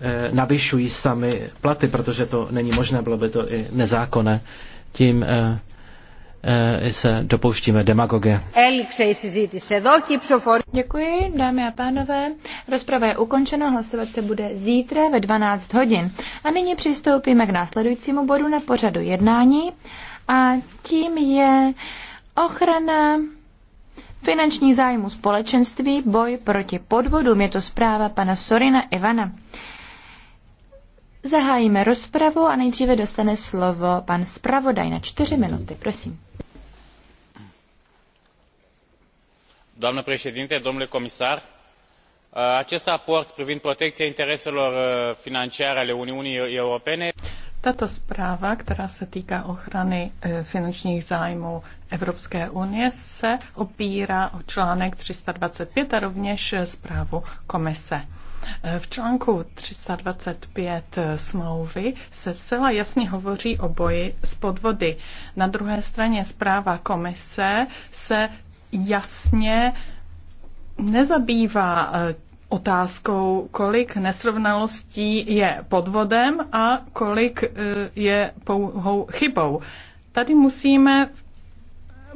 Eh, navyšují sami platy, protože to není možné, bylo by to i nezákonné. Tím eh, eh, se dopouštíme demagogie. Děkuji, dámy a pánové. Rozprava je ukončena, hlasovat se bude zítra ve 12 hodin. A nyní přistoupíme k následujícímu bodu na pořadu jednání a tím je ochrana finančních zájmu společenství, boj proti podvodům. Je to zpráva pana Sorina Ivana. Zahájíme rozpravu a nejdříve dostane slovo pan zpravodaj na čtyři minuty. Prosím. Doamnă președinte, domnule comisar, acest raport privind protecția intereselor uh, financiare ale Uniunii Europene tato zpráva, která se týká ochrany eh, finančních zájmů Evropské unie, se opírá o článek 325 a rovněž eh, zprávu komise. V článku 325 smlouvy se zcela jasně hovoří o boji s podvody. Na druhé straně zpráva komise se jasně nezabývá eh, otázkou, kolik nesrovnalostí je podvodem a kolik eh, je pouhou chybou. Tady musíme v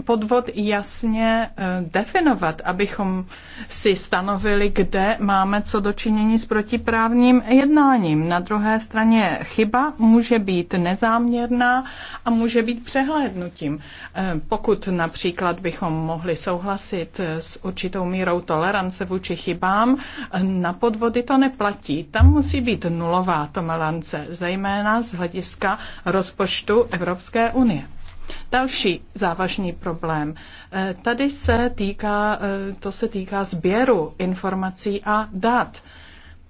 podvod jasně eh, definovat, abychom si stanovili, kde máme co dočinění s protiprávním jednáním. Na druhé straně chyba může být nezáměrná a může být přehlédnutím. Eh, pokud například bychom mohli souhlasit eh, s určitou mírou tolerance vůči chybám, na podvody to neplatí. Tam musí být nulová tolerance, zejména z hlediska rozpočtu Evropské unie. Další závažný problém. Eh, tady se týká, eh, to se týká sběru informací a dat.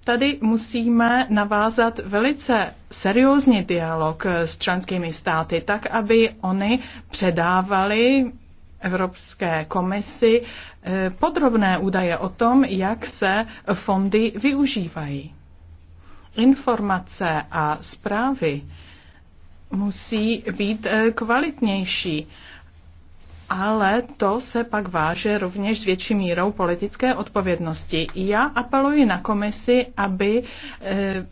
Tady musíme navázat velice seriózní dialog eh, s členskými státy, tak aby oni předávali Evropské komisi podrobné údaje o tom, jak se fondy využívají. Informace a zprávy musí být eh, kvalitnější. Ale to se pak váže rovněž s větší mírou politické odpovědnosti. Já apeluji na komisi, aby eh,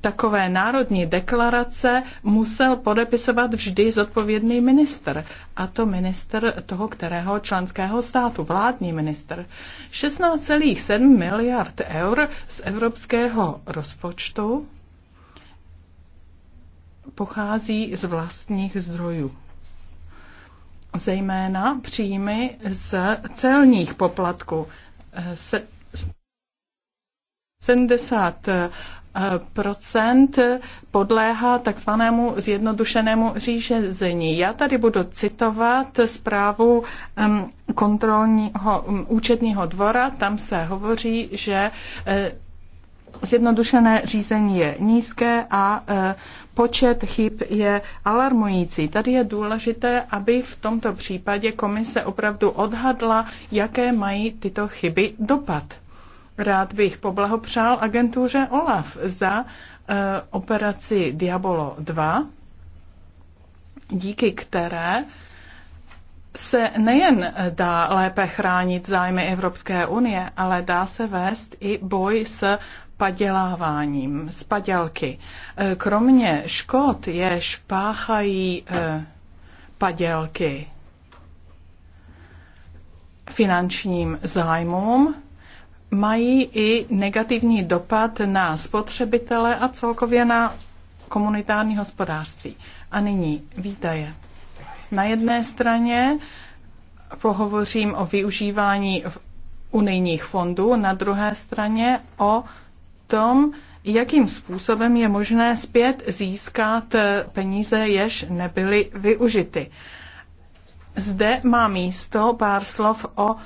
takové národní deklarace musel podepisovat vždy zodpovědný minister, a to minister toho kterého členského státu, vládní minister. 16,7 miliard eur z evropského rozpočtu pochází z vlastních zdrojů. Zejména příjmy z celních poplatků. 70 eh, podléhá takzvanému zjednodušenému řízení. Já tady budu citovat zprávu kontrolního účetního dvora, tam se hovoří, že eh, zjednodušené řízení je nízké a e, počet chyb je alarmující. Tady je důležité, aby v tomto případě komise opravdu odhadla, jaké mají tyto chyby dopad. Rád bych poblahopřál agentuře OLAF za e, operaci Diabolo 2, díky které se nejen dá lépe chránit zájmy Evropské unie, ale dá se vést i boj s paděláváním, s padělky. E, kromě škod, jež páchají e, padělky finančním zájmům, mají i negativní dopad na spotřebitele a celkově na komunitární hospodářství. A nyní výdaje. Na jedné straně pohovořím o využívání unijních fondů, na druhé straně o tom, jakým způsobem je možné zpět získat eh, peníze, jež nebyly využity. Zde má místo pár slov o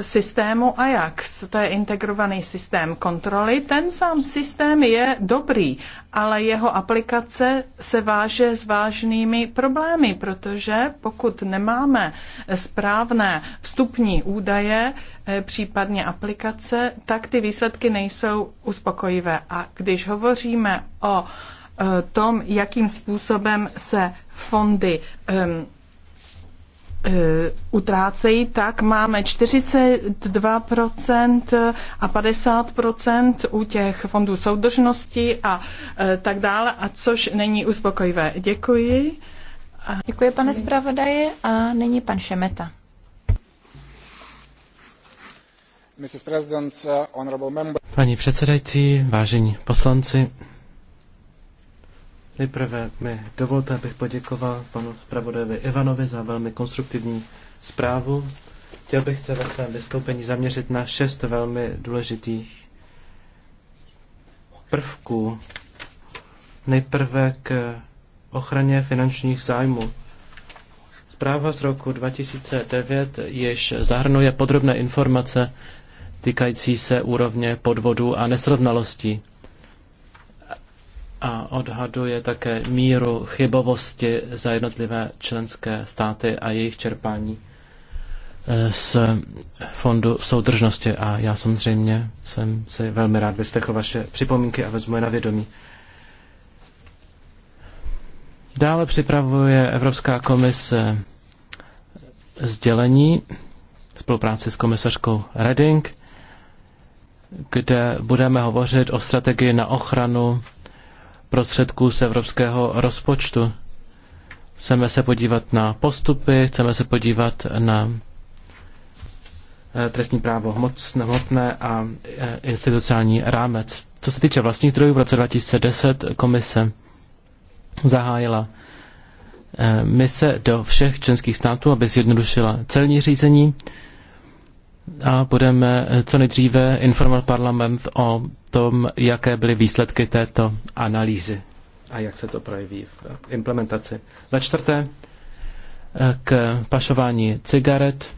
systému Ajax, to je integrovaný systém kontroly, ten sám systém je dobrý, ale jeho aplikace se váže s vážnými problémy, protože pokud nemáme správné vstupní údaje, eh, případně aplikace, tak ty výsledky nejsou uspokojivé. A když hovoříme o eh, tom, jakým způsobem se fondy um, Eh, utrácejí, tak máme 42% a 50% u těch fondů soudržnosti a eh, tak dále, a což není uspokojivé. Děkuji. Děkuji, pane zpravodaji, a nyní pan Šemeta. Paní předsedající, vážení poslanci, Nejprve mi dovolte, abych poděkoval panu zpravodajovi Ivanovi za velmi konstruktivní zprávu. Chtěl bych se ve svém vystoupení zaměřit na šest velmi důležitých prvků. Nejprve k ochraně finančních zájmů. Zpráva z roku 2009 již zahrnuje podrobné informace týkající se úrovně podvodů a nesrovnalostí a odhaduje také míru chybovosti za jednotlivé členské státy a jejich čerpání eh, z Fondu soudržnosti. A já samozřejmě jsem si velmi rád vyslechl vaše připomínky a vezmu je na vědomí. Dále připravuje Evropská komise sdělení v spolupráci s komisařkou Reding, kde budeme hovořit o strategii na ochranu prostředků z evropského rozpočtu. Chceme se podívat na postupy, chceme se podívat na eh, trestní právo hmotné, hmotné a eh, institucionální rámec. Co se týče vlastních zdrojů, v roce 2010 komise zahájila eh, mise do všech členských států, aby zjednodušila celní řízení a budeme co nejdříve informovat parlament o tom, jaké byly výsledky této analýzy a jak se to projeví v implementaci. Za čtvrté, k pašování cigaret.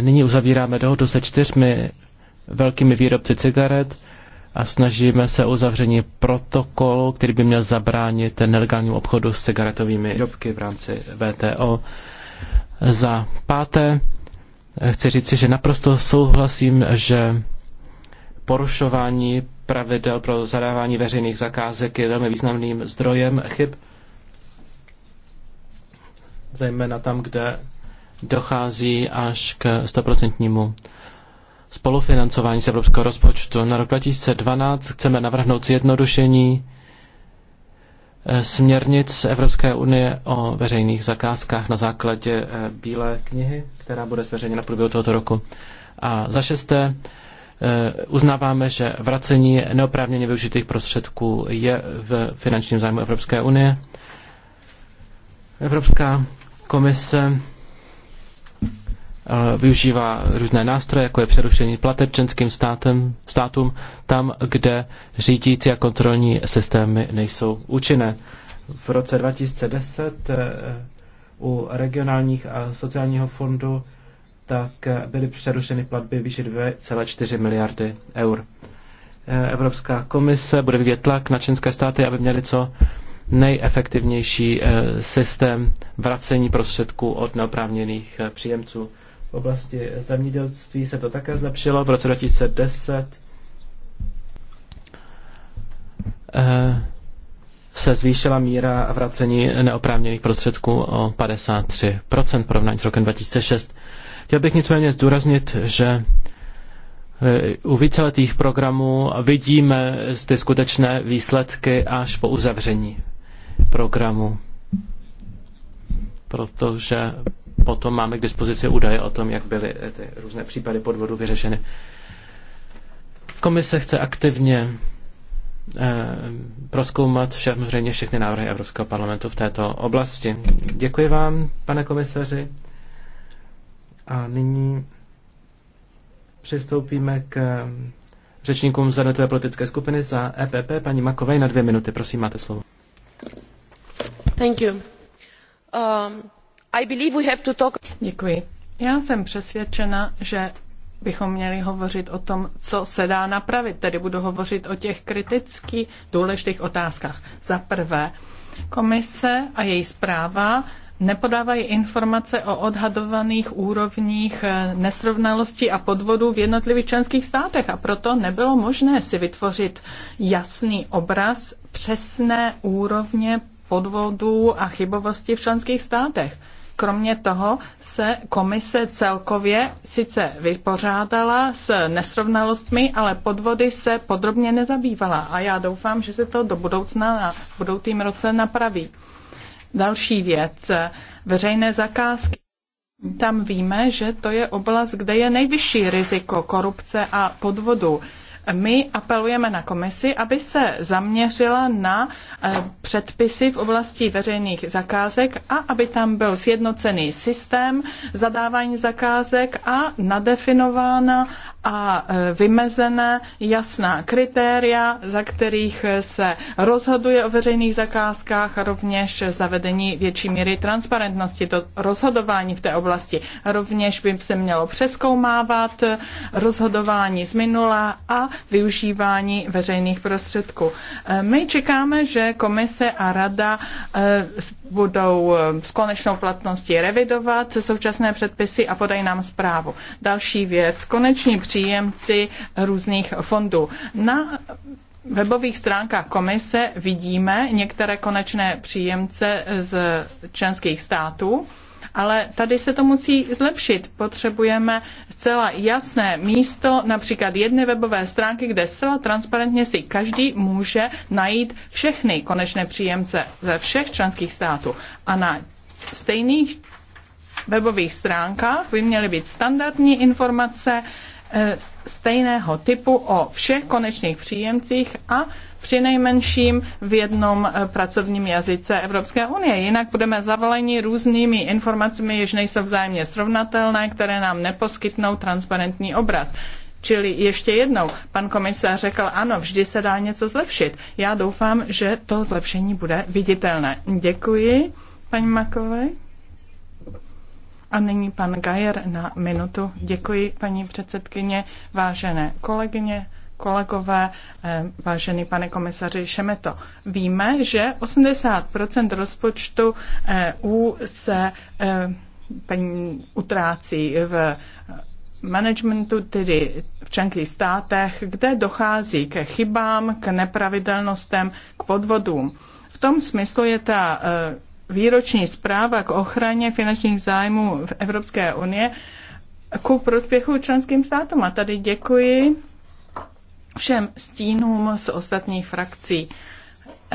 Nyní uzavíráme dohodu se čtyřmi velkými výrobci cigaret a snažíme se o uzavření protokolu, který by měl zabránit nelegálnímu obchodu s cigaretovými výrobky v rámci VTO. Za páté chci říci, že naprosto souhlasím, že porušování pravidel pro zadávání veřejných zakázek je velmi významným zdrojem chyb, zejména tam, kde dochází až k stoprocentnímu spolufinancování z evropského rozpočtu. Na rok 2012 chceme navrhnout zjednodušení eh, směrnic Evropské unie o veřejných zakázkách na základě eh, Bílé knihy, která bude zveřejněna v průběhu tohoto roku. A za šesté, Eh, uznáváme, že vracení neoprávněně využitých prostředků je v finančním zájmu Evropské unie. Evropská komise eh, využívá různé nástroje, jako je přerušení plateb členským státem, státům tam, kde řídící a kontrolní systémy nejsou účinné. V roce 2010 eh, u regionálních a sociálního fondu tak byly přerušeny platby výše 2,4 miliardy eur. Evropská komise bude vyvíjet tlak na členské státy, aby měly co nejefektivnější eh, systém vracení prostředků od neoprávněných eh, příjemců. V oblasti zemědělství se to také zlepšilo v roce 2010. Eh, se zvýšila míra vracení neoprávněných prostředků o 53% v porovnání s rokem 2006. Chtěl bych nicméně zdůraznit, že eh, u víceletých programů vidíme ty skutečné výsledky až po uzavření programu, protože potom máme k dispozici údaje o tom, jak byly eh, ty různé případy podvodu vyřešeny. Komise chce aktivně eh, proskoumat samozřejmě všechny návrhy Evropského parlamentu v této oblasti. Děkuji vám, pane komisaři. A nyní přistoupíme k řečníkům z jednotlivé politické skupiny za EPP. Paní Makovej na dvě minuty, prosím, máte slovo. Thank you. Um, I believe we have to talk... Děkuji. Já jsem přesvědčena, že bychom měli hovořit o tom, co se dá napravit. Tedy budu hovořit o těch kritických, důležitých otázkách. Za prvé, komise a její zpráva nepodávají informace o odhadovaných úrovních eh, nesrovnalostí a podvodů v jednotlivých členských státech a proto nebylo možné si vytvořit jasný obraz přesné úrovně podvodů a chybovosti v členských státech. Kromě toho se komise celkově sice vypořádala s nesrovnalostmi, ale podvody se podrobně nezabývala a já doufám, že se to do budoucna na budoucím roce napraví. Další věc, veřejné zakázky. Tam víme, že to je oblast, kde je nejvyšší riziko korupce a podvodu. My apelujeme na komisi, aby se zaměřila na eh, předpisy v oblasti veřejných zakázek a aby tam byl sjednocený systém zadávání zakázek a nadefinována a e, vymezené jasná kritéria, za kterých se rozhoduje o veřejných zakázkách a rovněž zavedení větší míry transparentnosti To rozhodování v té oblasti. Rovněž by se mělo přeskoumávat rozhodování z minula a využívání veřejných prostředků. E, my čekáme, že komise a rada e, budou s konečnou platností revidovat současné předpisy a podají nám zprávu. Další věc, konečný příjemci různých fondů. Na webových stránkách komise vidíme některé konečné příjemce z členských států, ale tady se to musí zlepšit. Potřebujeme zcela jasné místo, například jedné webové stránky, kde zcela transparentně si každý může najít všechny konečné příjemce ze všech členských států. A na stejných webových stránkách by měly být standardní informace, Eh, stejného typu o všech konečných příjemcích a při nejmenším v jednom eh, pracovním jazyce Evropské unie. Jinak budeme zavoleni různými informacemi, jež nejsou vzájemně srovnatelné, které nám neposkytnou transparentní obraz. Čili ještě jednou, pan komisař řekl, ano, vždy se dá něco zlepšit. Já doufám, že to zlepšení bude viditelné. Děkuji, paní Makovej. A nyní pan Gajer na minutu. Děkuji, paní předsedkyně, vážené kolegyně, kolegové, eh, vážený pane komisaři Šemeto. Víme, že 80% rozpočtu EU se eh, utrácí v managementu, tedy v členských státech, kde dochází ke chybám, k nepravidelnostem, k podvodům. V tom smyslu je ta eh, výroční zpráva k ochraně finančních zájmů v Evropské unie ku prospěchu členským státům. A tady děkuji všem stínům z ostatních frakcí.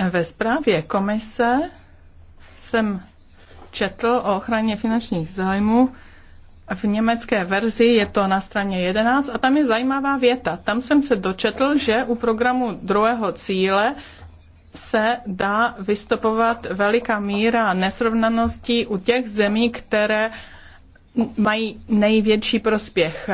Ve zprávě komise jsem četl o ochraně finančních zájmů. V německé verzi je to na straně 11 a tam je zajímavá věta. Tam jsem se dočetl, že u programu druhého cíle se dá vystupovat veliká míra nesrovnaností u těch zemí, které mají největší prospěch.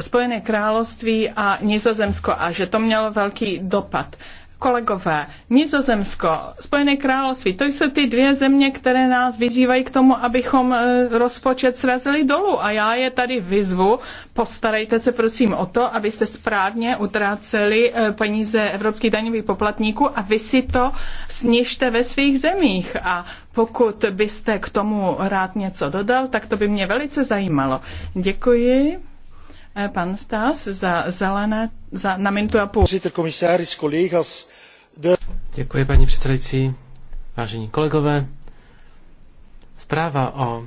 Spojené království a Nizozemsko a že to mělo velký dopad. Kolegové, Nizozemsko, Spojené království, to jsou ty dvě země, které nás vyzývají k tomu, abychom e, rozpočet srazili dolů. A já je tady vyzvu, postarejte se prosím o to, abyste správně utráceli e, peníze evropských daňových poplatníků a vy si to snižte ve svých zemích. A pokud byste k tomu rád něco dodal, tak to by mě velice zajímalo. Děkuji. Eh, pan Stas za zelené, za, na minutu a půl. Děkuji, paní předsedající, vážení kolegové. Zpráva o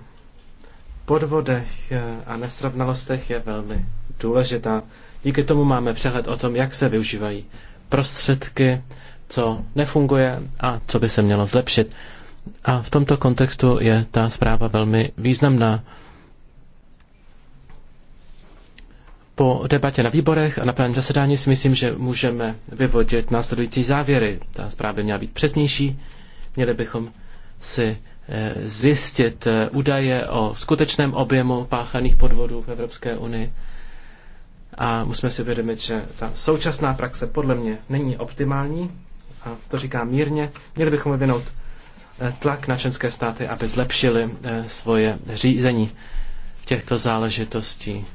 podvodech eh, a nesrovnalostech je velmi důležitá. Díky tomu máme přehled o tom, jak se využívají prostředky, co nefunguje a co by se mělo zlepšit. A v tomto kontextu je ta zpráva velmi významná. Po debatě na výborech a na plném zasedání si myslím, že můžeme vyvodit následující závěry. Ta zpráva by měla být přesnější. Měli bychom si eh, zjistit eh, údaje o skutečném objemu páchaných podvodů v Evropské unii. A musíme si uvědomit, že ta současná praxe podle mě není optimální, a to říkám mírně. Měli bychom vyvinout eh, tlak na členské státy, aby zlepšili svoje řízení těchto záležitostí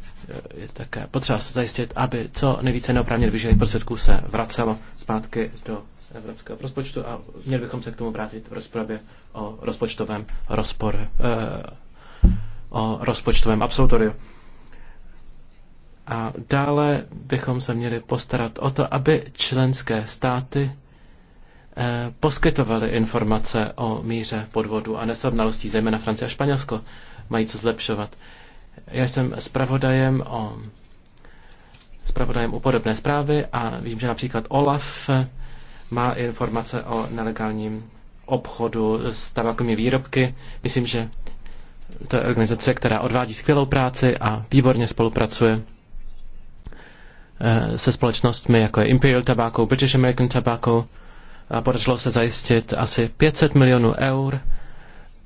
je také potřeba se zajistit, aby co nejvíce neoprávněně vyžených prostředků se vracelo zpátky do evropského rozpočtu a měli bychom se k tomu vrátit v rozpravě o rozpočtovém rozporu, eh, o rozpočtovém absolutoriu. A dále bychom se měli postarat o to, aby členské státy eh, poskytovaly informace o míře podvodu a nesrovnalostí, zejména Francie a Španělsko mají co zlepšovat. Já jsem zpravodajem o zpravodajem u podobné zprávy a vím, že například OLAF má informace o nelegálním obchodu s tabakovými výrobky. Myslím, že to je organizace, která odvádí skvělou práci a výborně spolupracuje eh, se společnostmi, jako je Imperial Tobacco, British American Tobacco. A podařilo se zajistit asi 500 milionů eur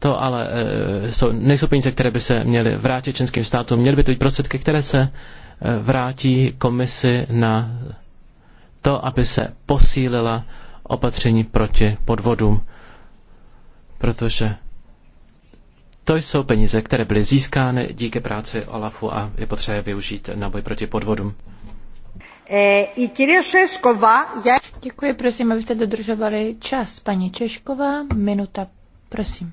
to ale eh, jsou, nejsou peníze, které by se měly vrátit českým státům. Měly by to být prostředky, které se eh, vrátí komisi na to, aby se posílila opatření proti podvodům. Protože to jsou peníze, které byly získány díky práci Olafu a je potřeba využít na boj proti podvodům. Eh, Děkuji, prosím, abyste dodržovali čas. Paní Češková, minuta, prosím.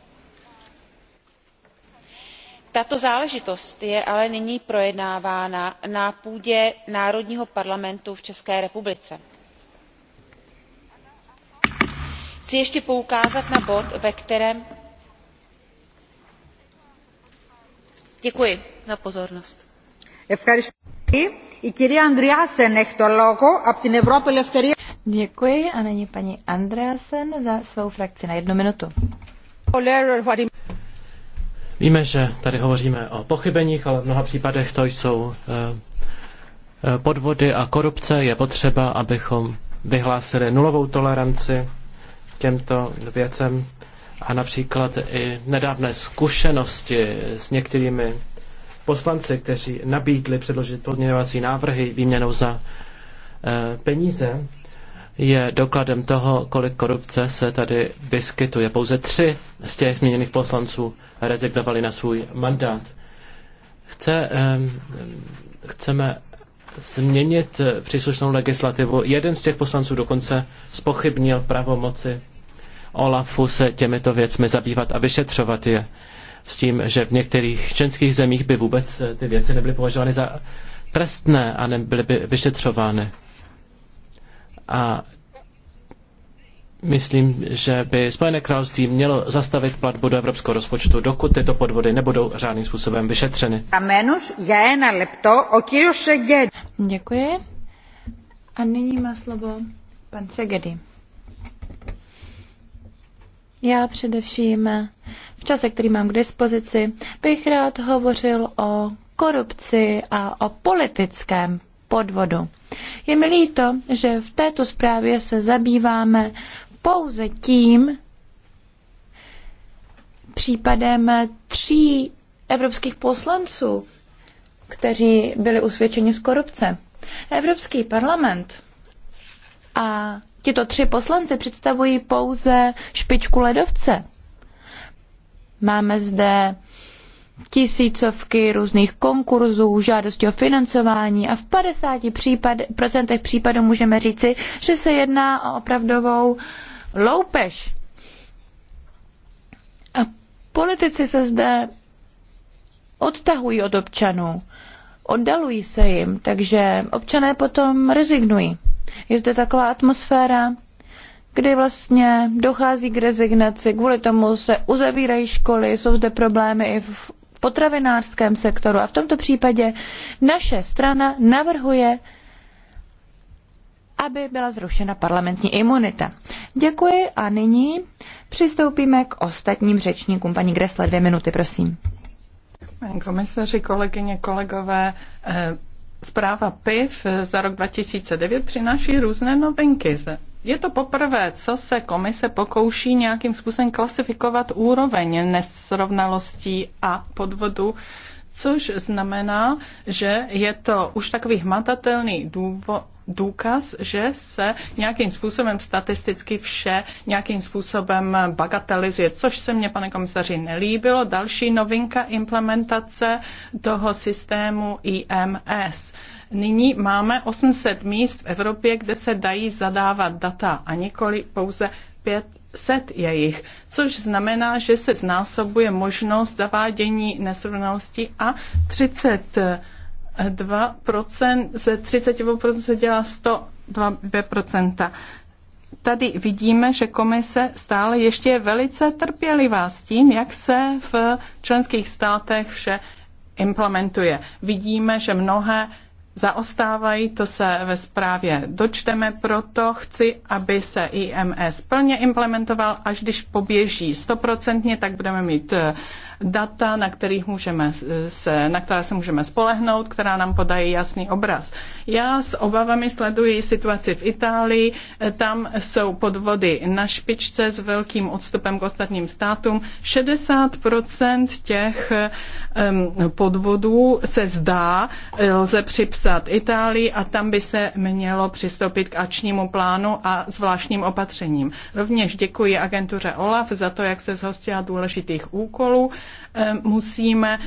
tato záležitost je ale nyní projednávána na půdě národního parlamentu v české republice. chci ještě poukázat na bod ve kterém děkuji za pozornost. Děkuji a paní za svou frakci jednu minutu. Víme, že tady hovoříme o pochybeních, ale v mnoha případech to jsou eh, eh, podvody a korupce. Je potřeba, abychom vyhlásili nulovou toleranci těmto věcem a například i nedávné zkušenosti s některými poslanci, kteří nabídli předložit podměňovací návrhy výměnou za eh, peníze, je dokladem toho, kolik korupce se tady vyskytuje. Pouze tři z těch změněných poslanců rezignovali na svůj mandát. Chce, chceme změnit příslušnou legislativu. Jeden z těch poslanců dokonce spochybnil pravomoci Olafu se těmito věcmi zabývat a vyšetřovat je s tím, že v některých členských zemích by vůbec eh, ty věci nebyly považovány za trestné a nebyly by vyšetřovány a myslím, že by Spojené království mělo zastavit platbu do evropského rozpočtu, dokud tyto podvody nebudou řádným způsobem vyšetřeny. Děkuji. A nyní má slovo pan Segedy. Já především v čase, který mám k dispozici, bych rád hovořil o korupci a o politickém podvodu. Je mi líto, že v této zprávě se zabýváme pouze tím případem tří evropských poslanců, kteří byli usvědčeni z korupce. Evropský parlament a tito tři poslanci představují pouze špičku ledovce. Máme zde tisícovky různých konkurzů, žádostí o financování a v 50% případ, procentech případů můžeme říci, že se jedná o opravdovou loupež. A politici se zde odtahují od občanů, oddalují se jim, takže občané potom rezignují. Je zde taková atmosféra, kdy vlastně dochází k rezignaci, kvůli tomu se uzavírají školy, jsou zde problémy i v potravinářském sektoru. A v tomto případě naše strana navrhuje, aby byla zrušena parlamentní imunita. Děkuji a nyní přistoupíme k ostatním řečníkům. Paní Gresle, dvě minuty, prosím. Pane komisaři, kolegyně, kolegové, eh, zpráva PIV za rok 2009 přináší různé novinky je to poprvé, co se komise pokouší nějakým způsobem klasifikovat úroveň nesrovnalostí a podvodu, což znamená, že je to už takový hmatatelný důvod, důkaz, že se nějakým způsobem statisticky vše nějakým způsobem bagatelizuje, což se mně, pane komisaři, nelíbilo. Další novinka implementace toho systému IMS. Nyní máme 800 míst v Evropě, kde se dají zadávat data a nikoli pouze 500 jejich. což znamená, že se znásobuje možnost zavádění nesrovnalosti a 32% ze 32% se dělá 102%. Tady vidíme, že komise stále ještě je velice trpělivá s tím, jak se v členských státech vše implementuje. Vidíme, že mnohé zaostávají, to se ve zprávě dočteme, proto chci, aby se IMS plně implementoval, až když poběží stoprocentně, tak budeme mít eh, data, na, kterých můžeme eh, se, na které se můžeme spolehnout, která nám podají jasný obraz. Já s obavami sleduji situaci v Itálii. Eh, tam jsou podvody na špičce s velkým odstupem k ostatním státům. 60% těch ehm, podvodů se zdá, eh, lze připsat Itálii a tam by se mělo přistoupit k ačnímu plánu a zvláštním opatřením. Rovněž děkuji agentuře OLAF za to, jak se zhostila důležitých úkolů Eh, musíme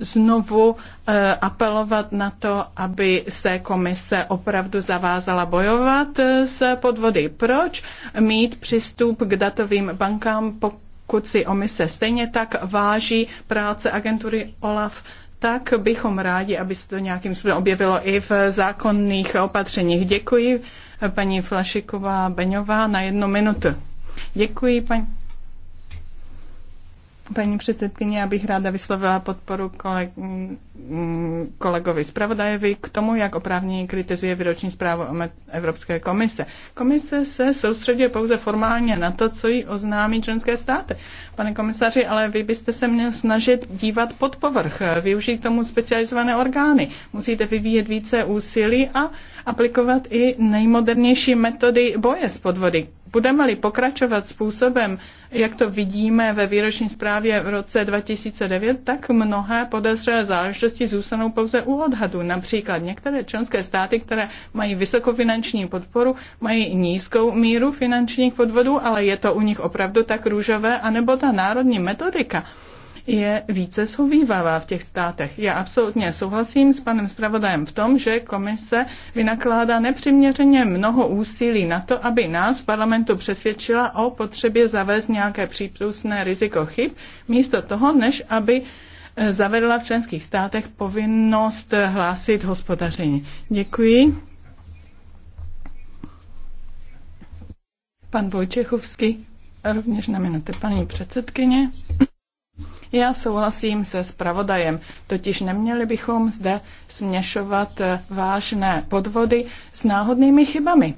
znovu eh, apelovat na to, aby se komise opravdu zavázala bojovat eh, s podvody. Proč mít přístup k datovým bankám, pokud si omise stejně tak váží práce agentury OLAF? tak bychom rádi, aby se to nějakým způsobem objevilo i v zákonných opatřeních. Děkuji paní Flašiková Beňová na jednu minutu. Děkuji paní Paní předsedkyně, já bych ráda vyslovila podporu koleg, kolegovi zpravodajovi k tomu, jak oprávněně kritizuje výroční zprávu Evropské komise. Komise se soustředuje pouze formálně na to, co jí oznámí členské státy. Pane komisaři, ale vy byste se měl snažit dívat pod povrch, využít tomu specializované orgány. Musíte vyvíjet více úsilí a aplikovat i nejmodernější metody boje s podvody. Budeme-li pokračovat způsobem, jak to vidíme ve výroční zprávě v roce 2009, tak mnohé podezřelé záležitosti zůstanou pouze u odhadu. Například některé členské státy, které mají vysokou finanční podporu, mají nízkou míru finančních podvodů, ale je to u nich opravdu tak růžové, anebo ta národní metodika je více souvývavá v těch státech. Já absolutně souhlasím s panem zpravodajem v tom, že komise vynakládá nepřiměřeně mnoho úsilí na to, aby nás v parlamentu přesvědčila o potřebě zavést nějaké přípustné riziko chyb, místo toho, než aby eh, zavedla v členských státech povinnost hlásit hospodaření. Děkuji. Pan Vojčechovský, rovněž na minuty paní předsedkyně. Já souhlasím se zpravodajem, totiž neměli bychom zde směšovat eh, vážné podvody s náhodnými chybami,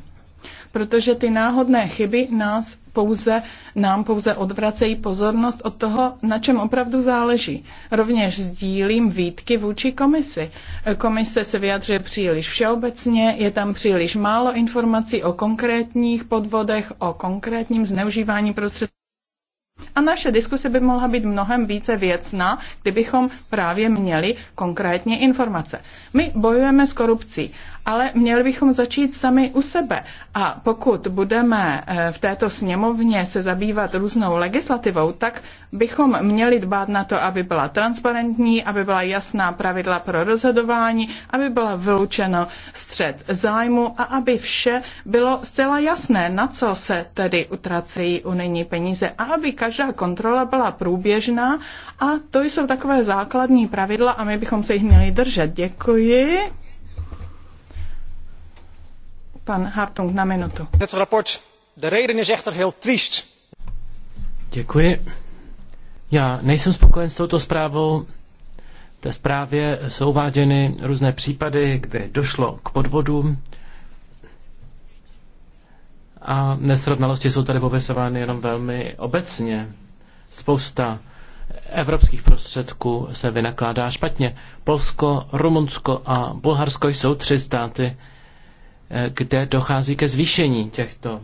protože ty náhodné chyby nás pouze, nám pouze odvracejí pozornost od toho, na čem opravdu záleží. Rovněž sdílím výtky vůči komisi. Eh, komise se vyjadřuje příliš všeobecně, je tam příliš málo informací o konkrétních podvodech, o konkrétním zneužívání prostředků a naše diskuse by mohla být mnohem více věcná, kdybychom právě měli konkrétně informace. My bojujeme s korupcí ale měli bychom začít sami u sebe. A pokud budeme eh, v této sněmovně se zabývat různou legislativou, tak bychom měli dbát na to, aby byla transparentní, aby byla jasná pravidla pro rozhodování, aby byla vyloučeno střed zájmu a aby vše bylo zcela jasné, na co se tedy utracejí unijní peníze a aby každá kontrola byla průběžná a to jsou takové základní pravidla a my bychom se jich měli držet. Děkuji. Pan Hartung na minutu. Het rapport. De reden is echter heel triest. Děkuji. Já nejsem spokojen s touto zprávou. V té zprávě jsou uváděny různé případy, kde došlo k podvodům a nesrovnalosti jsou tady popisovány jenom velmi obecně. Spousta evropských prostředků se vynakládá špatně. Polsko, Rumunsko a Bulharsko jsou tři státy, Eh, kde dochází ke zvýšení těchto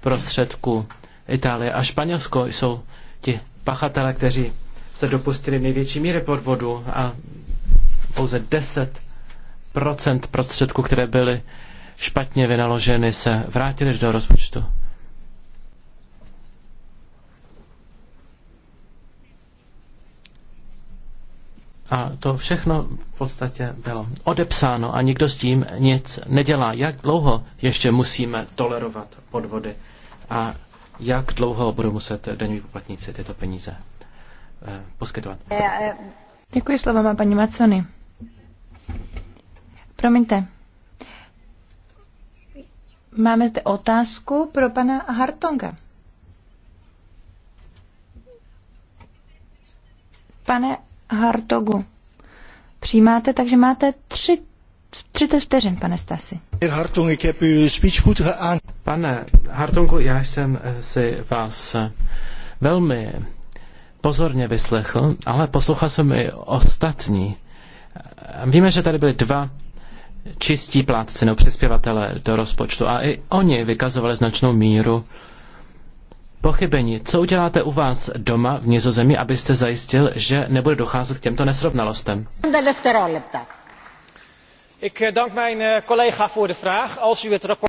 prostředků. Itálie a Španělsko jsou ti pachatele, kteří se dopustili největší míry podvodu a pouze 10 prostředků, které byly špatně vynaloženy, se vrátily do rozpočtu. A to všechno v podstatě bylo odepsáno a nikdo s tím nic nedělá. Jak dlouho ještě musíme tolerovat podvody a jak dlouho budou muset daňoví poplatníci tyto peníze eh, poskytovat? Děkuji slovo má paní Macony. Promiňte. Máme zde otázku pro pana Hartonga. Pane Hartogu. Přijímáte, takže máte tři, 30 vteřin, pane Stasi. Pane Hartungu, já jsem eh, si vás eh, velmi pozorně vyslechl, ale poslouchal jsem i ostatní. Eh, víme, že tady byly dva čistí plátci nebo přispěvatele do rozpočtu a i oni vykazovali značnou míru pochybení. Co uděláte u vás doma v Nizozemí, abyste zajistil, že nebude docházet k těmto nesrovnalostem? Eh, eh,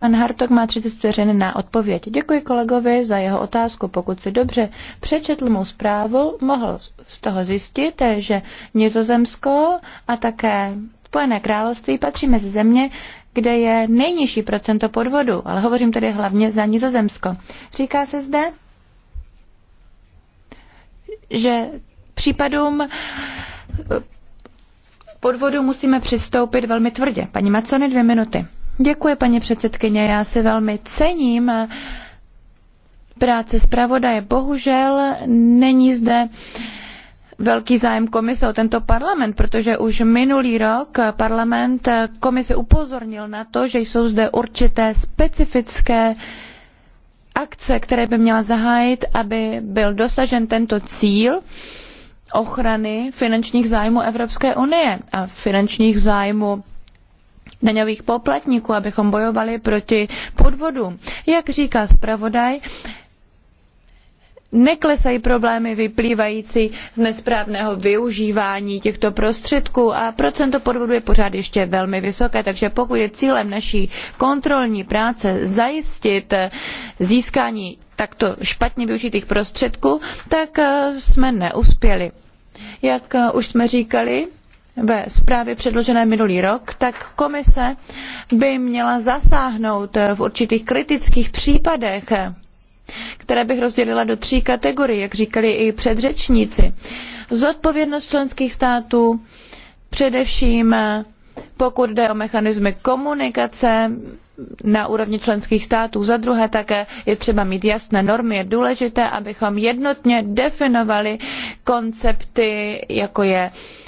Pan Hartog má 30 vteřin na odpověď. Děkuji kolegovi za jeho otázku. Pokud si dobře přečetl mou zprávu, mohl z toho zjistit, eh, že Nizozemsko a také Spojené království patří mezi země, kde je nejnižší procento podvodu, ale hovořím tedy hlavně za Nizozemsko. Říká se zde, že případům eh, podvodu musíme přistoupit velmi tvrdě. Paní Macony, dvě minuty. Děkuji, paní předsedkyně. Já si velmi cením eh, práce zpravodaje. Bohužel není zde uh, velký zájem komise o tento parlament, protože už minulý rok parlament komisi upozornil na to, že jsou zde určité specifické akce, které by měla zahájit, aby byl dosažen tento cíl ochrany finančních zájmů Evropské unie a finančních zájmů daňových poplatníků, abychom bojovali proti podvodům. Jak říká zpravodaj, neklesají problémy vyplývající z nesprávného využívání těchto prostředků a procento podvodu je pořád ještě velmi vysoké, takže pokud je cílem naší kontrolní práce zajistit získání takto špatně využitých prostředků, tak eh, jsme neuspěli. Jak eh, už jsme říkali, ve zprávě předložené minulý rok, tak komise by měla zasáhnout v určitých kritických případech které bych rozdělila do tří kategorií, jak říkali i předřečníci. Zodpovědnost členských států, především eh, pokud jde o mechanismy komunikace na úrovni členských států. Za druhé také je třeba mít jasné normy. Je důležité, abychom jednotně definovali koncepty, jako je uh,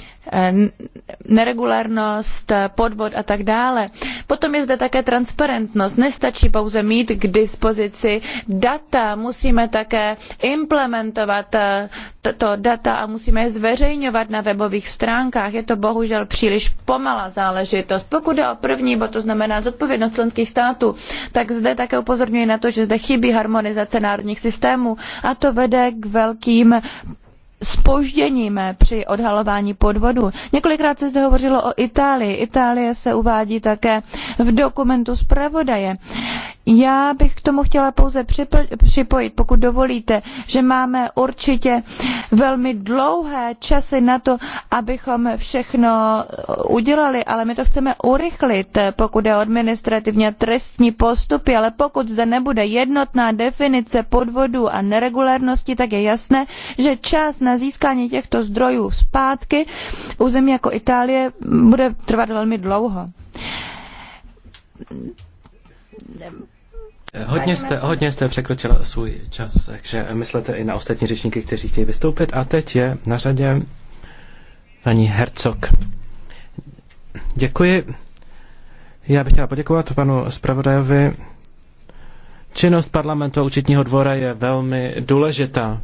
neregulérnost, podvod a tak dále. Potom je zde také transparentnost. Nestačí pouze mít k dispozici data, musíme také implementovat eh, tato data a musíme je zveřejňovat na webových stránkách. Je to bohužel příliš pomalá záležitost. Pokud je o první bod, to znamená zodpovědnost členských států, tak zde také upozorňuji na to, že zde chybí harmonizace národních systémů a to vede k velkým zpožděním při odhalování podvodu. Několikrát se zde hovořilo o Itálii. Itálie se uvádí také v dokumentu zpravodaje. Já bych k tomu chtěla pouze připojit, pokud dovolíte, že máme určitě velmi dlouhé časy na to, abychom všechno udělali, ale my to chceme urychlit, pokud je administrativně trestní postupy, ale pokud zde nebude jednotná definice podvodů a neregulérností, tak je jasné, že čas na na získání těchto zdrojů zpátky u zemí jako Itálie bude trvat velmi dlouho. Hodně jste, hodně jste překročila svůj čas, takže myslete i na ostatní řečníky, kteří chtějí vystoupit. A teď je na řadě paní Hercog. Děkuji. Já bych chtěla poděkovat panu zpravodajovi. Činnost parlamentu a účetního dvora je velmi důležitá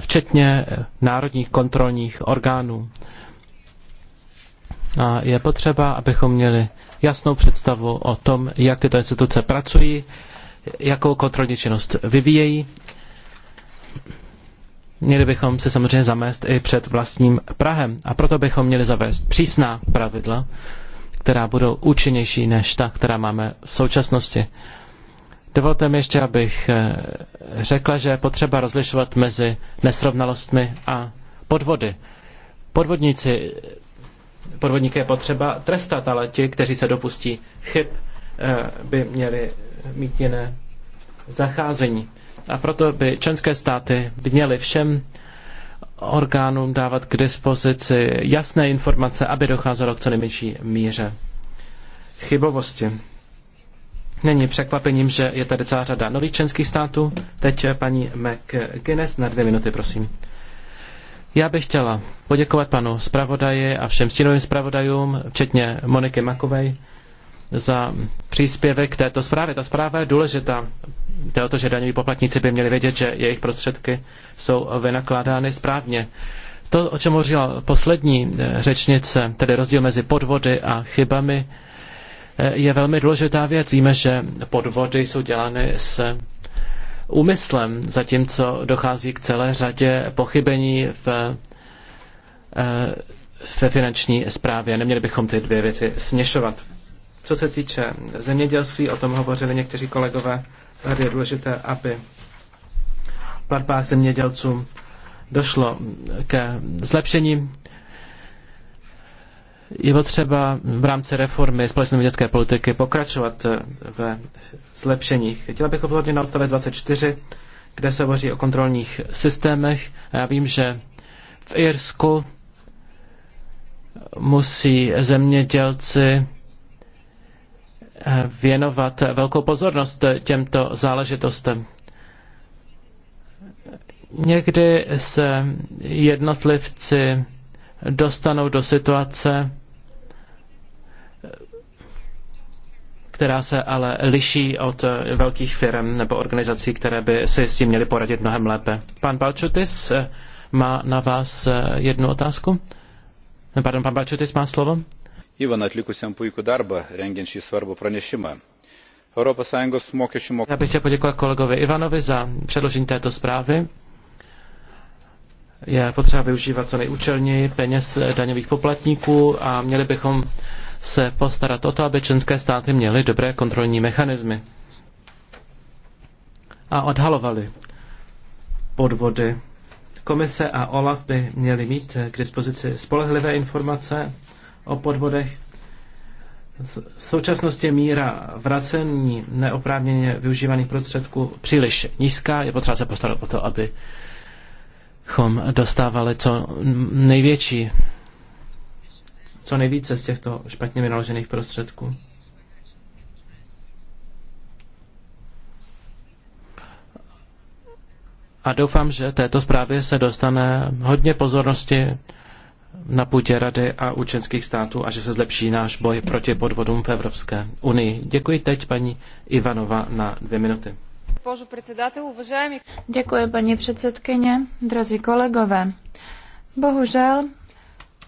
včetně národních kontrolních orgánů. A je potřeba, abychom měli jasnou představu o tom, jak tyto instituce pracují, jakou kontrolní činnost vyvíjejí. Měli bychom se samozřejmě zamést i před vlastním Prahem a proto bychom měli zavést přísná pravidla, která budou účinnější než ta, která máme v současnosti. Dovolte mi ještě, abych eh, řekla, že je potřeba rozlišovat mezi nesrovnalostmi a podvody. Podvodníci, podvodníky je potřeba trestat, ale ti, kteří se dopustí chyb, eh, by měli mít jiné zacházení. A proto by členské státy měly všem orgánům dávat k dispozici jasné informace, aby docházelo k co nejmenší míře chybovosti. Není překvapením, že je tady celá řada nových členských států. Teď eh, paní McGuinness na dvě minuty, prosím. Já bych chtěla poděkovat panu zpravodaji a všem stínovým zpravodajům, včetně Moniky Makovej, za příspěvek k této zprávě. Ta zpráva je důležitá. Jde o to, že daňoví poplatníci by měli vědět, že jejich prostředky jsou vynakládány správně. To, o čem hovořila poslední eh, řečnice, tedy rozdíl mezi podvody a chybami, Eh, je velmi důležitá věc. Víme, že podvody jsou dělány s úmyslem, zatímco dochází k celé řadě pochybení v, eh, ve finanční správě. Neměli bychom ty dvě věci směšovat. Co se týče zemědělství, o tom hovořili někteří kolegové, tady je důležité, aby v platbách zemědělcům došlo ke zlepšení je potřeba v rámci reformy společné vědecké politiky pokračovat eh, ve zlepšeních. Chtěla bych upozornit na odstavec 24, kde se hovoří o kontrolních systémech. Já vím, že v Irsku musí zemědělci eh, věnovat velkou pozornost těmto záležitostem. Někdy se jednotlivci dostanou do situace, která se ale liší od eh, velkých firm nebo organizací, které by si s tím měly poradit mnohem lépe. Pan Balčutis eh, má na vás eh, jednu otázku. Pardon, pan Balčutis má slovo. Ivan atlikusiam puikų darbą, rengiant šį svarbų pranešimą. Sąjungos mokesčių mokesčių. Já bych chtěl poděkovat kolegovi Ivanovi za předložení této zprávy. Je potřeba využívat co nejúčelněji peněz daňových poplatníků a měli bychom se postarat o to, aby členské státy měly dobré kontrolní mechanismy a odhalovali podvody. Komise a OLAF by měly mít k dispozici spolehlivé informace o podvodech. V současnosti míra vracení neoprávněně využívaných prostředků příliš nízká. Je potřeba se postarat o to, abychom dostávali co největší co nejvíce z těchto špatně vynaložených prostředků. A doufám, že této zprávě se dostane hodně pozornosti na půdě Rady a účenských států a že se zlepší náš boj proti podvodům v Evropské unii. Děkuji teď paní Ivanova na dvě minuty. Děkuji paní předsedkyně, drazí kolegové. Bohužel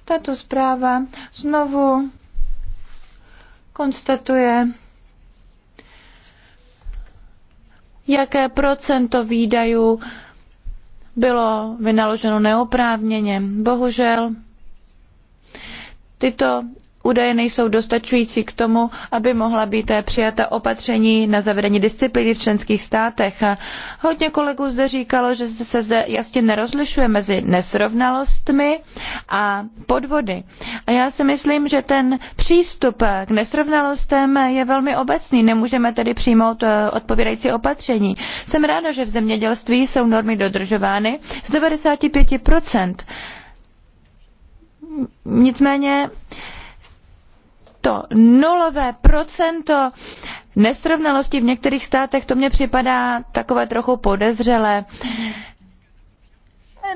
tato zpráva znovu konstatuje, jaké procento výdajů bylo vynaloženo neoprávněně. Bohužel tyto údaje nejsou dostačující k tomu, aby mohla být přijata opatření na zavedení disciplíny v členských státech. Hodně kolegů zde říkalo, že se zde jasně nerozlišuje mezi nesrovnalostmi a podvody. A já si myslím, že ten přístup k nesrovnalostem je velmi obecný. Nemůžeme tedy přijmout eh, odpovídající opatření. Jsem ráda, že v zemědělství jsou normy dodržovány z 95 Nicméně to nulové procento nesrovnalosti v některých státech, to mně připadá takové trochu podezřelé.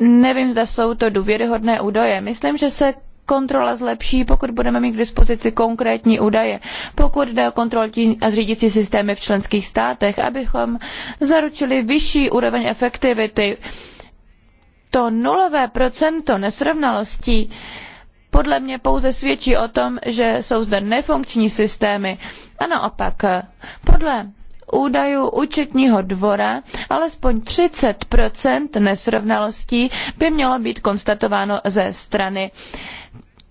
Nevím, zda jsou to důvěryhodné údaje. Myslím, že se kontrola zlepší, pokud budeme mít k dispozici konkrétní údaje, pokud jde o kontrolní a řídící systémy v členských státech, abychom zaručili vyšší úroveň efektivity. To nulové procento nesrovnalostí podle mě pouze svědčí o tom, že jsou zde nefunkční systémy. A naopak, podle údajů účetního dvora alespoň 30 nesrovnalostí by mělo být konstatováno ze strany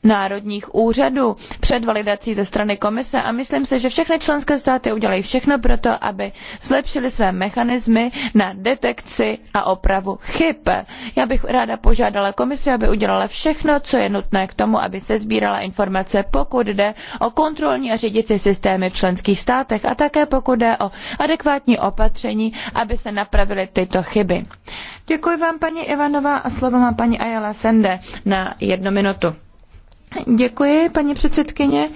národních úřadů před validací ze strany komise a myslím si, že všechny členské státy udělají všechno pro to, aby zlepšili své mechanismy na detekci a opravu chyb. Já bych ráda požádala komisi, aby udělala všechno, co je nutné k tomu, aby se sbírala informace, pokud jde o kontrolní a řídicí systémy v členských státech a také pokud jde o adekvátní opatření, aby se napravily tyto chyby. Děkuji vám, paní Ivanová, a slovo má paní Ayala Sende na jednu minutu. Děkuji, paní předsedkyně.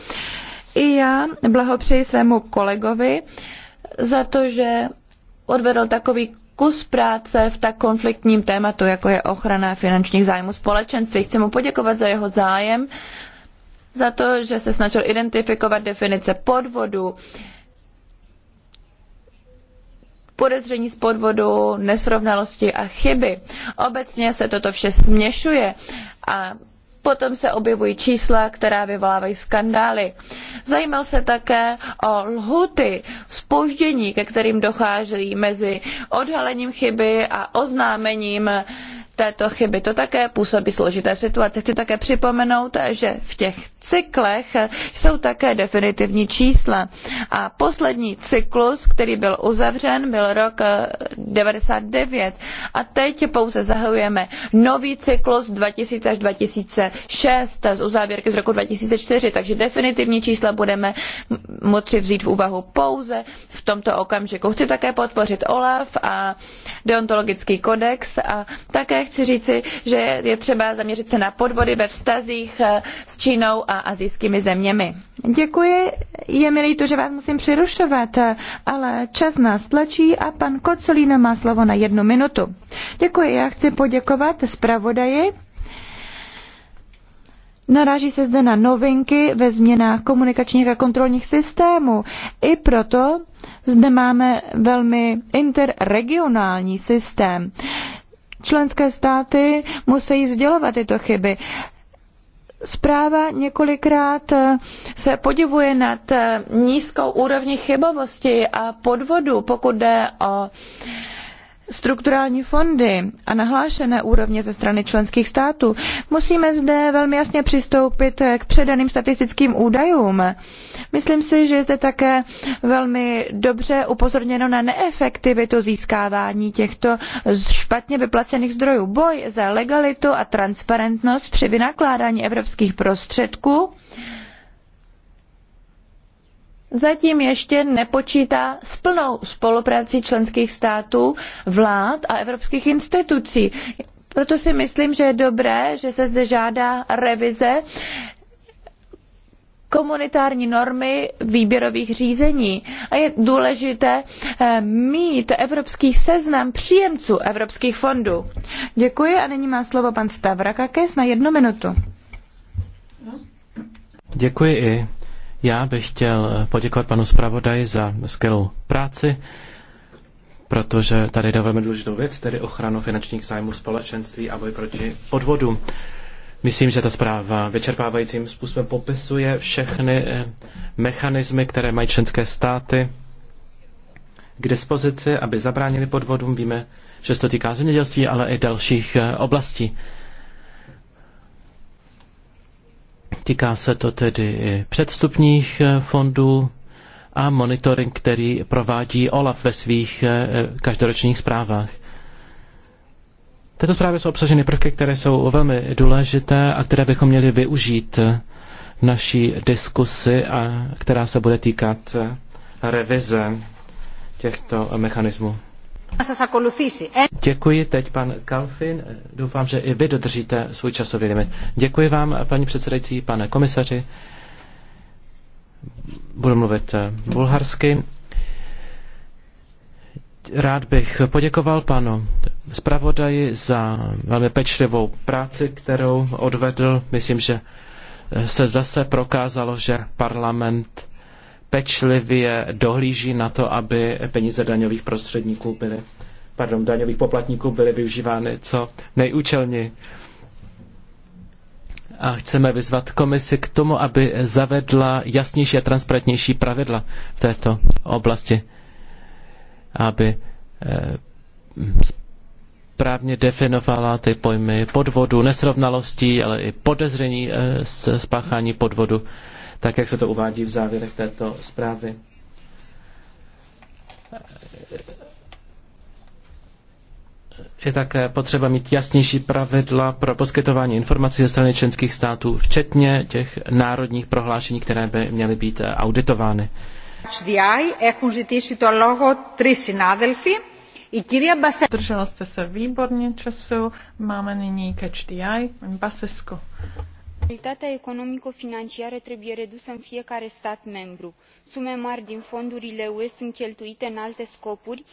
I já blahopřeji svému kolegovi za to, že odvedl takový kus práce v tak konfliktním tématu, jako je ochrana finančních zájmů společenství. Chci mu poděkovat za jeho zájem, za to, že se snažil identifikovat definice podvodu, podezření z podvodu, nesrovnalosti a chyby. Obecně se toto vše směšuje a Potom se objevují čísla, která vyvolávají skandály. Zajímal se také o lhuty spouždění, ke kterým dochází mezi odhalením chyby a oznámením této chyby. To také působí složité situace. Chci také připomenout, že v těch cyklech jsou také definitivní čísla. A poslední cyklus, který byl uzavřen, byl rok 99 eh, a teď pouze zahajujeme nový cyklus 2000 až 2006 eh, z uzávěrky z roku 2004, takže definitivní čísla budeme moci vzít v úvahu pouze v tomto okamžiku. Chci také podpořit OLAF a deontologický kodex a také chci říci, že je třeba zaměřit se na podvody ve vztazích eh, s Čínou a azijskými zeměmi. Děkuji, je mi líto, že vás musím přerušovat, ale čas nás tlačí a pan Kocolína má slovo na jednu minutu. Děkuji, já chci poděkovat zpravodaji. Naráží se zde na novinky ve změnách komunikačních a kontrolních systémů. I proto zde máme velmi interregionální systém. Členské státy musí sdělovat tyto chyby. Zpráva několikrát eh, se podivuje nad eh, nízkou úrovní chybovosti a podvodu, pokud jde o strukturální fondy a nahlášené úrovně ze strany členských států, musíme zde velmi jasně přistoupit k předaným statistickým údajům. Myslím si, že je zde také velmi dobře upozorněno na neefektivitu získávání těchto špatně vyplacených zdrojů. Boj za legalitu a transparentnost při vynakládání evropských prostředků zatím ještě nepočítá s plnou spoluprací členských států, vlád a evropských institucí. Proto si myslím, že je dobré, že se zde žádá revize komunitární normy výběrových řízení. A je důležité eh, mít evropský seznam příjemců evropských fondů. Děkuji a nyní má slovo pan Stavrakakis na jednu minutu. Děkuji i já bych chtěl poděkovat panu zpravodaji za skvělou práci, protože tady jde velmi důležitou věc, tedy ochranu finančních zájmů společenství a boj proti podvodu. Myslím, že ta zpráva vyčerpávajícím způsobem popisuje všechny eh, mechanismy, které mají členské státy k dispozici, aby zabránili podvodům. Víme, že se to týká zemědělství, ale i dalších eh, oblastí. Týká se to tedy i předstupních eh, fondů a monitoring, který provádí OLAF ve svých eh, eh, každoročních zprávách. Této zprávě jsou obsaženy prvky, které jsou velmi důležité a které bychom měli využít v naší diskusi, a která se bude týkat revize těchto mechanismů. Děkuji teď, pan Kalfin. Doufám, že i vy dodržíte svůj časový limit. Děkuji vám, paní předsedající, pane komisaři. Budu mluvit eh, bulharsky. Rád bych poděkoval panu zpravodaji za velmi pečlivou práci, kterou odvedl. Myslím, že eh, se zase prokázalo, že parlament pečlivě dohlíží na to, aby peníze daňových prostředníků byly, pardon, daňových poplatníků byly využívány co nejúčelněji. A chceme vyzvat komisi k tomu, aby zavedla jasnější a transparentnější pravidla v této oblasti, aby eh, správně definovala ty pojmy podvodu, nesrovnalostí, ale i podezření eh, z spáchání podvodu tak jak se to uvádí v závěrech této zprávy. Je také potřeba mít jasnější pravidla pro poskytování informací ze strany členských států, včetně těch národních prohlášení, které by měly být eh, auditovány. Držela jste se výborně času, máme nyní catch the eye, realitatea economico financiară trebuie redusă în fiecare stat membru. sume mari din fondurile ue sunt cheltuite în alte scopuri iar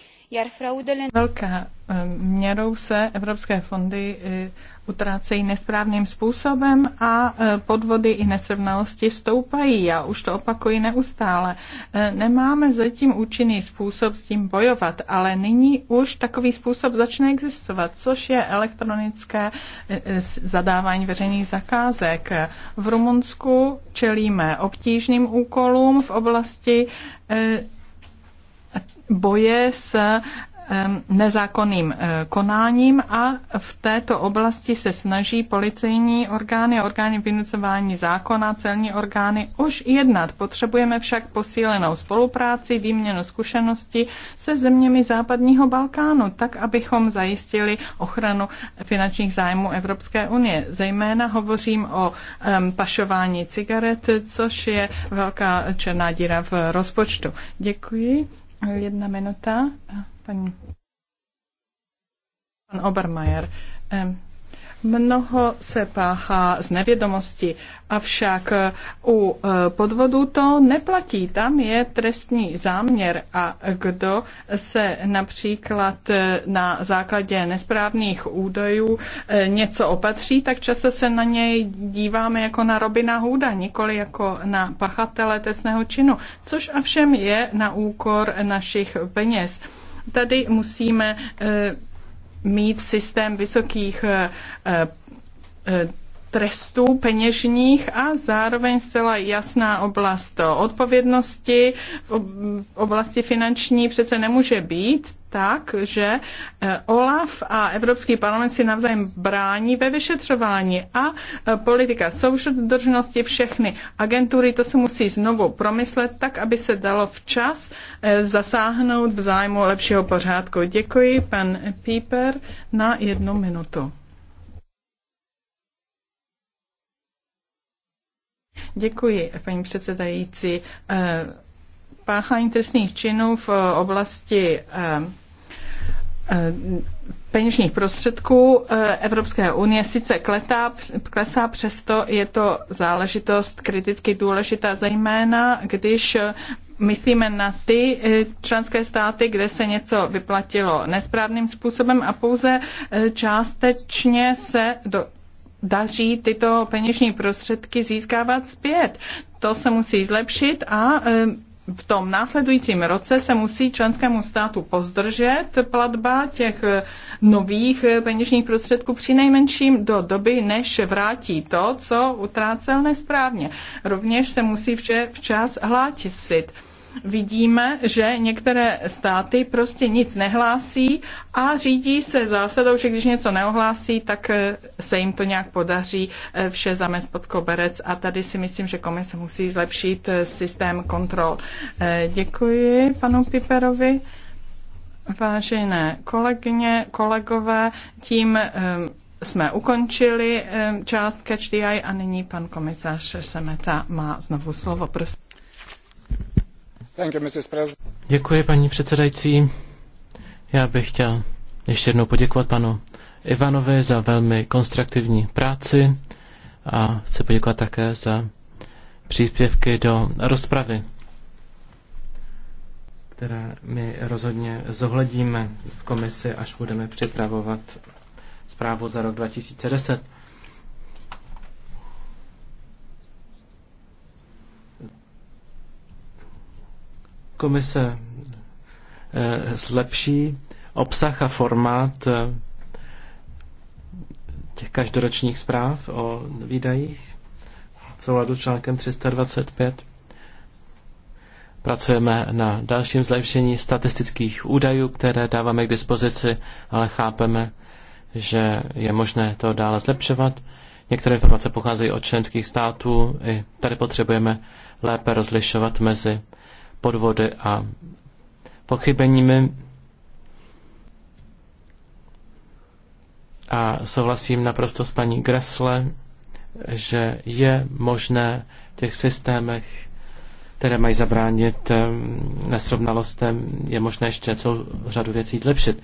Velká eh, měrou se evropské fondy eh, utrácejí nesprávným způsobem a eh, podvody i nesrovnalosti stoupají. Já už to opakuji neustále. Nemáme zatím účinný způsob s tím bojovat, ale nyní už takový způsob začne existovat, což je elektronické zadávání veřejných zakázek. V Rumunsku čelíme obtížným úkolům v oblasti boje s nezákonným eh, konáním a v této oblasti se snaží policejní orgány, orgány vynucování zákona, celní orgány už jednat. Potřebujeme však posílenou spolupráci, výměnu zkušeností se zeměmi západního Balkánu, tak abychom zajistili ochranu finančních zájmů Evropské unie. Zejména hovořím o um, pašování cigaret, což je velká černá díra v rozpočtu. Děkuji. Jedna minuta. Paní, pan Obermajer. Mnoho se páchá z nevědomosti, avšak eh, u eh, podvodu to neplatí. Tam je trestní záměr a kdo se například eh, na základě nesprávných údajů něco opatří, tak často se na něj díváme jako na Robina Hooda, nikoli jako na pachatele trestného činu, což avšem je na úkor našich peněz. Tady musíme mít systém vysokých eh, eh, trestů peněžních a zároveň zcela jasná oblast odpovědnosti v oblasti finanční přece nemůže být tak, že eh, OLAF a Evropský parlament si navzájem brání ve vyšetřování a eh, politika soudržnosti všechny agentury, to se musí znovu promyslet tak, aby se dalo včas eh, zasáhnout v zájmu lepšího pořádku. Děkuji, pan Píper, na jednu minutu. Děkuji, paní předsedající. Eh, páchání trestných činů v oblasti eh, eh, peněžních prostředků Evropské unie sice kletá, klesá, přesto je to záležitost kriticky důležitá, zejména když myslíme na ty členské státy, kde se něco vyplatilo nesprávným způsobem a pouze částečně se do daří tyto peněžní prostředky získávat zpět. To se musí zlepšit a e, v tom následujícím roce se musí členskému státu pozdržet platba těch e, nových e, peněžních prostředků při nejmenším do doby, než vrátí to, co utrácel nesprávně. Rovněž se musí vše včas hlátit vidíme, že některé státy prostě nic nehlásí a řídí se zásadou, že když něco neohlásí, tak eh, se jim to nějak podaří eh, vše zamést pod koberec a tady si myslím, že komise musí zlepšit eh, systém kontrol. Děkuji panu Piperovi. Vážené kolegyně, kolegové, tím jsme ukončili část Catch the Eye a nyní pan komisař Semeta má znovu slovo. Prosím. Děkuji, paní předsedající. Já bych chtěl ještě jednou poděkovat panu Ivanovi za velmi konstruktivní práci a chci poděkovat také za příspěvky do rozpravy, které my rozhodně zohledníme v komisi, až budeme připravovat zprávu za rok 2010. komise eh, zlepší obsah a formát eh, těch každoročních zpráv o výdajích v souladu s článkem 325. Pracujeme na dalším zlepšení statistických údajů, které dáváme k dispozici, ale chápeme, že je možné to dále zlepšovat. Některé informace pocházejí od členských států. I tady potřebujeme lépe rozlišovat mezi podvody a pochybeními. A souhlasím naprosto s paní Gresle, že je možné v těch systémech, které mají zabránit eh, nesrovnalostem, je možné ještě celou řadu věcí zlepšit.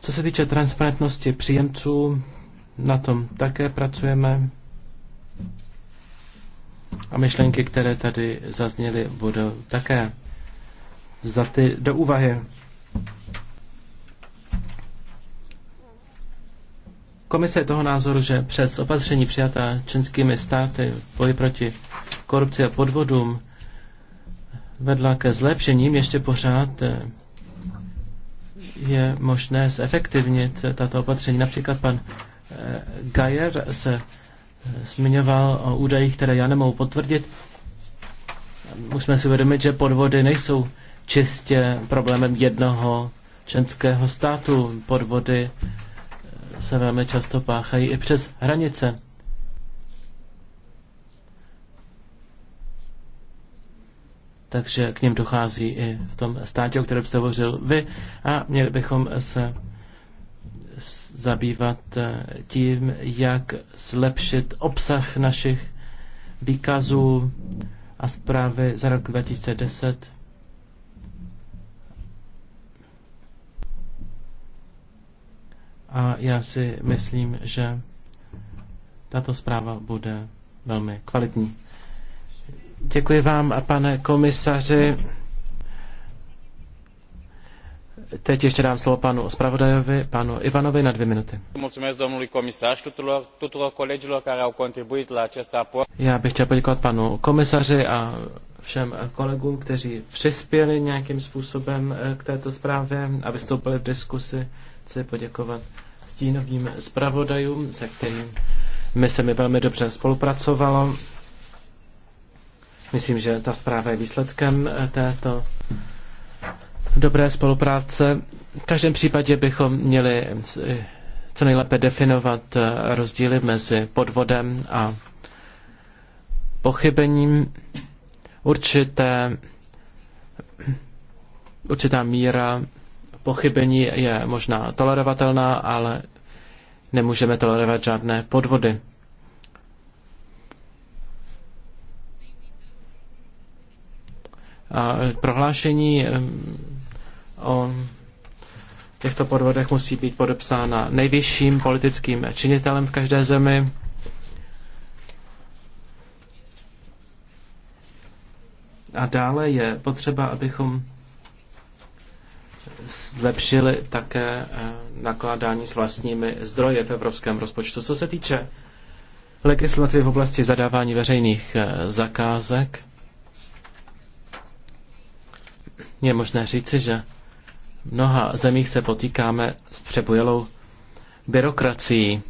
Co se týče transparentnosti příjemců, na tom také pracujeme. A myšlenky, které tady zazněly, budou také za ty do úvahy. Komise je toho názoru, že přes opatření přijatá členskými státy boji proti korupci a podvodům vedla ke zlepšením, ještě pořád eh, je možné zefektivnit tato opatření. Například pan eh, Gajer se zmiňoval o údajích, které já nemohu potvrdit. Musíme si uvědomit, že podvody nejsou čistě problémem jednoho členského státu. Podvody eh, se velmi často páchají i přes hranice. Takže k něm dochází i v tom státě, o kterém jste hovořil vy a měli bychom se zabývat eh, tím, jak zlepšit obsah našich výkazů a zprávy za rok 2010. A já si myslím, že tato zpráva bude velmi kvalitní. Děkuji vám, pane komisaři. Teď ještě dám slovo panu zpravodajovi, panu Ivanovi na dvě minuty. Já bych chtěl poděkovat panu komisaři a všem kolegům, kteří přispěli nějakým způsobem eh, k této zprávě a vystoupili v diskusi. Chci poděkovat stínovým zpravodajům, se kterým my se mi velmi dobře spolupracovalo. Myslím, že ta zpráva je výsledkem eh, této dobré spolupráce. V každém případě bychom měli co nejlépe definovat eh, rozdíly mezi podvodem a pochybením. Určité, určitá míra pochybení je možná tolerovatelná, ale nemůžeme tolerovat žádné podvody. A prohlášení eh, o těchto podvodech musí být podepsána nejvyšším politickým činitelem v každé zemi. A dále je potřeba, abychom zlepšili také eh, nakládání s vlastními zdroje v evropském rozpočtu. Co se týče legislativy v oblasti zadávání veřejných eh, zakázek, je možné říci, že mnoha zemích se potýkáme s přebujelou byrokracií.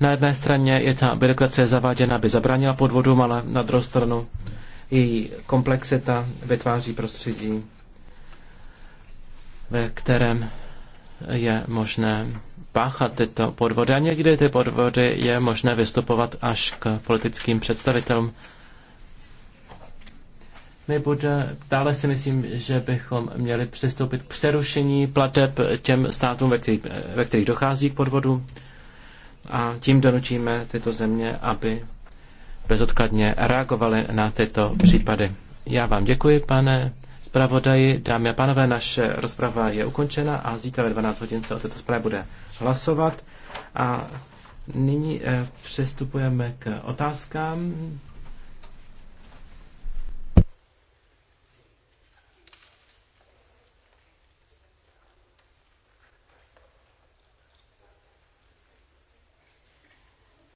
Na jedné straně je ta byrokracie zaváděna, aby zabránila podvodům, ale na druhou stranu její komplexita vytváří prostředí, ve kterém je možné páchat tyto podvody. A někdy ty podvody je možné vystupovat až k politickým představitelům nebude. Dále si myslím, že bychom měli přistoupit k přerušení plateb těm státům, ve kterých, ve kterých dochází k podvodu a tím donučíme tyto země, aby bezodkladně reagovaly na tyto případy. Já vám děkuji, pane zpravodaji. Dámy a pánové, naše rozprava je ukončena a zítra ve 12 hodin se o této zprávě bude hlasovat. A nyní eh, přistupujeme k otázkám.